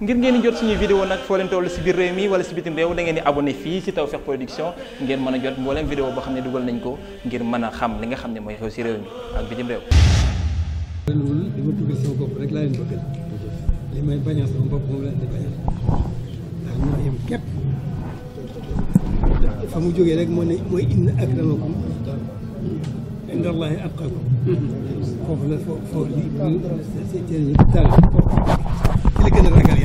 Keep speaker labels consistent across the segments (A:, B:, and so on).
A: ngir ngeen di jot suñuy vidéo nag foo toll si biir réew mi wala si bitim réew da ngeen di abonné fii si Tawfekh Production ngeen mën a jot mbooleem vidéo boo xam ne dugal nañ ko ngir mën a xam li nga xam ne mooy xew si réew mi ak bitim réew ren moom li ma bëggal sama bopp rek laa leen bëggal li may bañal sama bopp moom laa leen di bañal ndax ñoo yem képp fa mu jógee rek moo ne mooy inna akramakum inda Allahi atqakum foofu la foofu li teel ci li gën a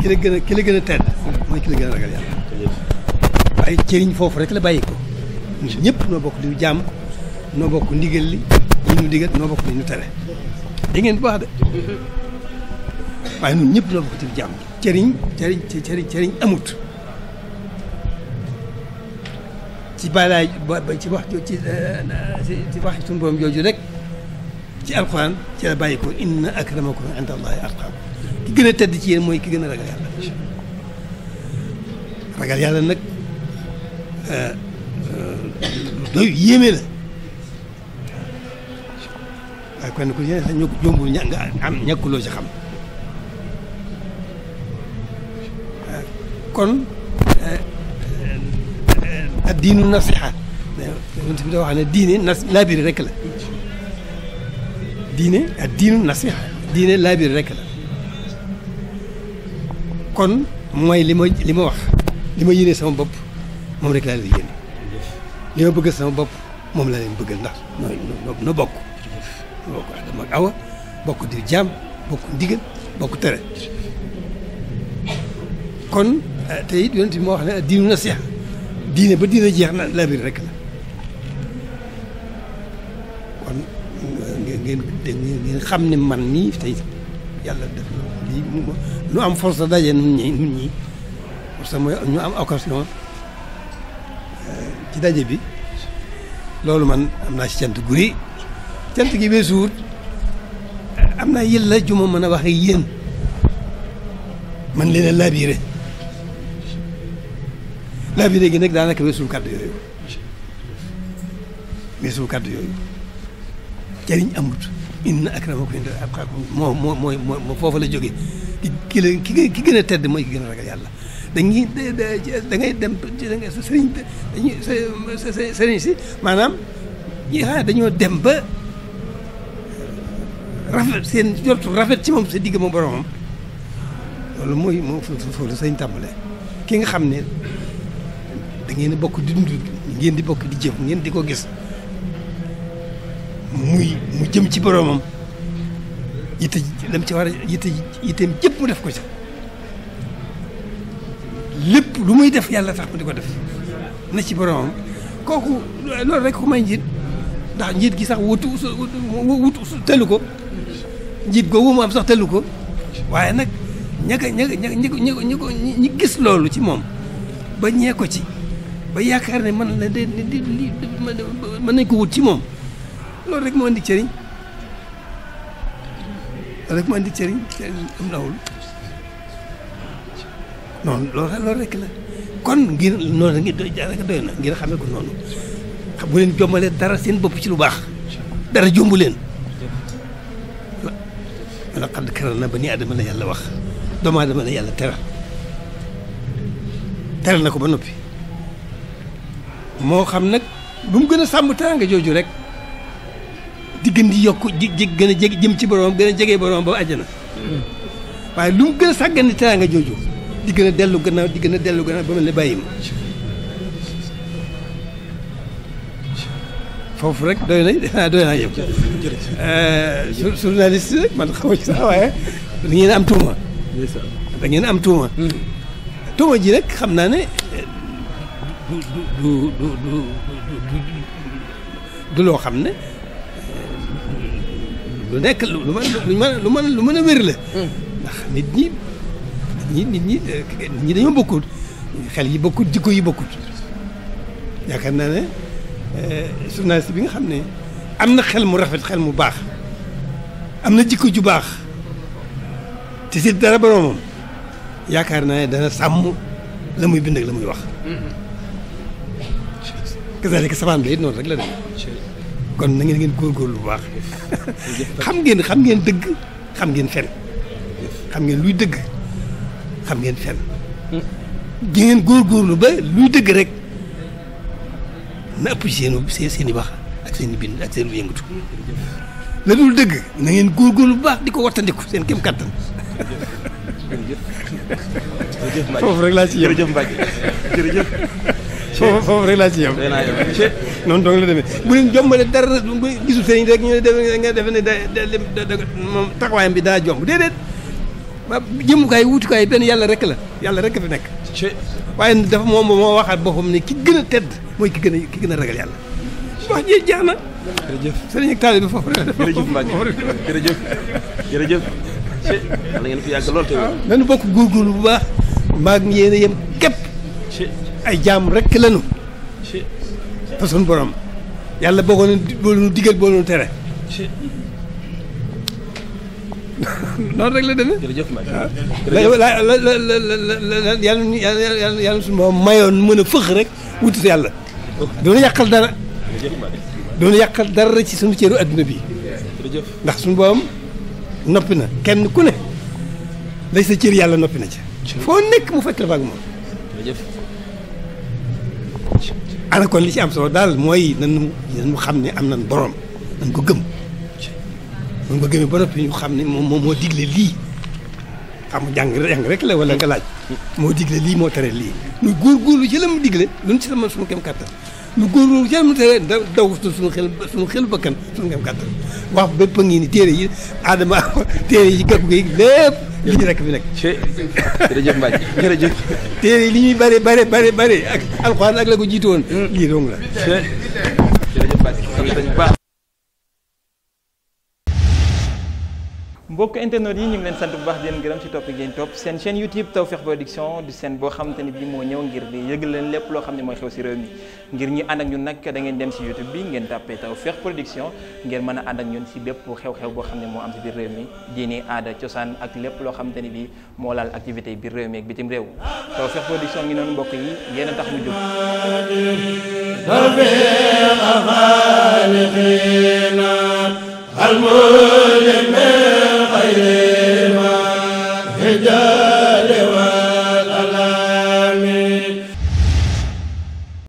A: ki la gën a ki la gën a tedd mooy ki la gën a ragal yàlla waaye cëriñ foofu rek la bàyyi ko ñun ñëpp noo bokk di jàmm noo bokk ndigal li li ñu digal noo bokk li tere da ngeen baax de waaye ñun ñëpp noo bokk di jàmm cëriñ cëriñ cëriñ cëriñ amut ci balaay ci wax ci ci wax suñu borom jooju rek ci alquran ci la bàyyi ko inna akramakum inda allahi atqaakum ki gën a tedd ci yéen mooy ki gën a ragal yàlla ragal yàlla nag euh, euh, doy yéeme la waaye kon ku yéene sax ñoo jombul ña nga am ñàkkuloo ci xam euh, kon ad diinu nasiha yonent bi da wax ne diine nas laabiri rek la diine ak diinu nasiha diine laabir rek la kon mooy li ma li ma wax li ma yéene sama bopp moom rek laa leen yéene li ma bëgg sama bopp moom laa leen bëggal ndax noo noo bokk bokk Adama ak Awa bokk di jaam bokk ndigal bokk tere kon eh, te it yonent bi moo wax ne diinu nasiha diine ba diine jeex na laabir rek la ngeen ngeen xam ne man nii tey yàlla def na lu am force daje nun ñi nun ñi parce que mooy ñu am occasion euh, ci daje bi loolu man am naa ci cant gu rëy cant gi weesu wut am naa yëlla ju ma mën a wax ak yéen man leen a labiré labiré gi nag daanaka weesul kàddu yooyu weesul kàddu yooyu jariñ amut inna akramakum inda atqaakum moo moo mooy moo foofu la joge ki ki la ki ki gën a tedd mooy ki gën a ragal yàlla dañuy da ngay dem da ngay sa sëriñ dañuy sa sëriñ si maanaam ñi xam ah, dañoo dem ba rafet seen jortu rafet ci moom sa digg moom boromam loolu mooy moo foofu la sëriñ tàmbalee ki nga xam ne da ngeen bokk di dund ngeen di bokk di jëf ngeen di ko gis muy mu jëm ci boroomam yitte lam ci war a yitte yitteem jëpp mu def ko ci lépp lu muy def yàlla tax mu di ko def na ci boroomam kooku loolu rek ku may njiit ndax njiit gi sax wutu wutu tëllu ko njiit googu mu am sax tëllu ko waaye nag ña ka ña ñi ko ñi ko ñi gis loolu ci moom ba ñee ko ci ba yaakaar ne man la de mën nañ ko wut ci moom loolu rek moo indi cëriñ loolu rek moo indi cëriñ am nawul noonu loolu loolu rek la kon ngir noonu la ngi doy daanaka doy na ngir xamee ko noonu xam bu leen jombalee dara seen bopp ci lu baax dara jombu leen wa laqad ba banii aadama la yàlla wax doomu aadama la yàlla teral teral na ko ba noppi moo xam nag lu mu gën a sàmm teraanga jooju rek di gën di yokk ji ji gën a jege jëm ci borom gën a jege borom ba àjjana waaye lu mu gën a sàggane teraanga jooju di gën a dellu gannaaw di gën a dellu gannaaw ba mel ne bàyyi ma foofu rek doy na ah doy naa yow. jërëjëf journaliste rek man xaw ci sax waaye da ngeen am tuuma. da ngeen am tuuma. tuuma ji rek xam naa ne du du du du du du loo xam ne. lu nekk lu mën lu mën lu mën lu mën a wér la. ndax nit ñi nit ñi nit ñi dañoo bokkut xel yi bokkut jikko yi bokkut yaakaar naa ne eh, journaliste bi nga xam ne am na xel mu rafet xel mu baax am na jikko ju baax te si dara boroomam yaakaar naa ne dana sàmm la muy bind ak la muy wax. Mm-hmm. kazaalika sabaan bi it noonu rek la demee. kon na ngeen góorgóorlu bu baax xam ngeen xam ngeen dëgg xam ngeen fen xam ngeen luy dëgg xam ngeen fen di ngeen lu ba luy dëgg rek na ëpp seen seen i wax ak seen i bind ak seen yëngatu la dul dëgg na ngeen góor lu baax di ko wattandiku seen kéem kattan foofu rek laa ci yem foofu foofu rek laa ci yem. rek laa yem noonu dong la demee bu leen jombale dara bu gisul sëriñ rek ñu ne nga defe ne da da moom taxawaayam bi daa jomb déedéet. ba jëmukaay wutukaay benn yàlla rek la yàlla rek fi nekk. waaye dafa moom moo waxaat boppam ne ki gën a tedd mooy ki gën a ki gën a ragal yàlla. wax ji jeex na. jërëjëf sëriñ ak taalibe bi foofu rek. jërëjëf Mbacke jërëjëf jërëjëf. na ngeen fi yàgg lool te nañu bokk góorgóorlu bu baax. maa ngi yéen a yem képp. ay jaam rek lañu fa suñu borom yàlla boo ko nu digal boo nu tere noonu rek la demee. jërëjëf Mbaye ah. jërëjëf la la la la la yàlla yàlla yàlla suñu moom mayoon mën a fëx rek wutit yàlla. doonu yàqal dara. doonu yàqal dara ci suñu cëru adduna bi. ndax suñu boobam noppi na kenn ku ne lay sa cër yàlla noppi na ci. foo nekk mu fekk la fa ak moom. ana kon li ci am solo daal mooy nañu nañu xam ne am nañ borom nañ ko gëm nañ ko gëmee ba noppi ñu xam ne moom moom moo digle lii xam nga jàng jàng rek la wala laaj moo digle lii moo tere lii ñu góorgóorlu ci la mu digle luñ ci sama suñu kem kàttan ñu góorgóorlu ci la mu tere daw suñu xel suñu xel bakkan suñu kem kàttan wax bépp a ngi ni téere yi aadama téere yi gàkku lii rek fi nekk. jërëjëf Mbacke jërëjëf. téere li ñuy bare bare bare bare ak alxuraan ak la ko jiitu woon. Hmm. lii dong la. jërëjëf Mbacke mbokk internet yi ñu ngi leen sant bu baax di leen gërëm ci topp gi ngeen topp seen chaîne YouTube Tawfekh Production di seen boo xamante ni bi moo ñëw ngir di yëgal lépp loo xam ne mooy xew ci réew mi ngir ñu ànd ak ñun nag da dem ci YouTube bi ngeen tàppee Tawfekh Production ngeen mën a ànd ak ñun ci bépp xew-xew boo xam ne moo am ci biir réew mi diini aada cosaan ak lépp loo xamante ni bi moo laal activité biir réew mi ak bitim réew Tawfekh Production ngi noonu a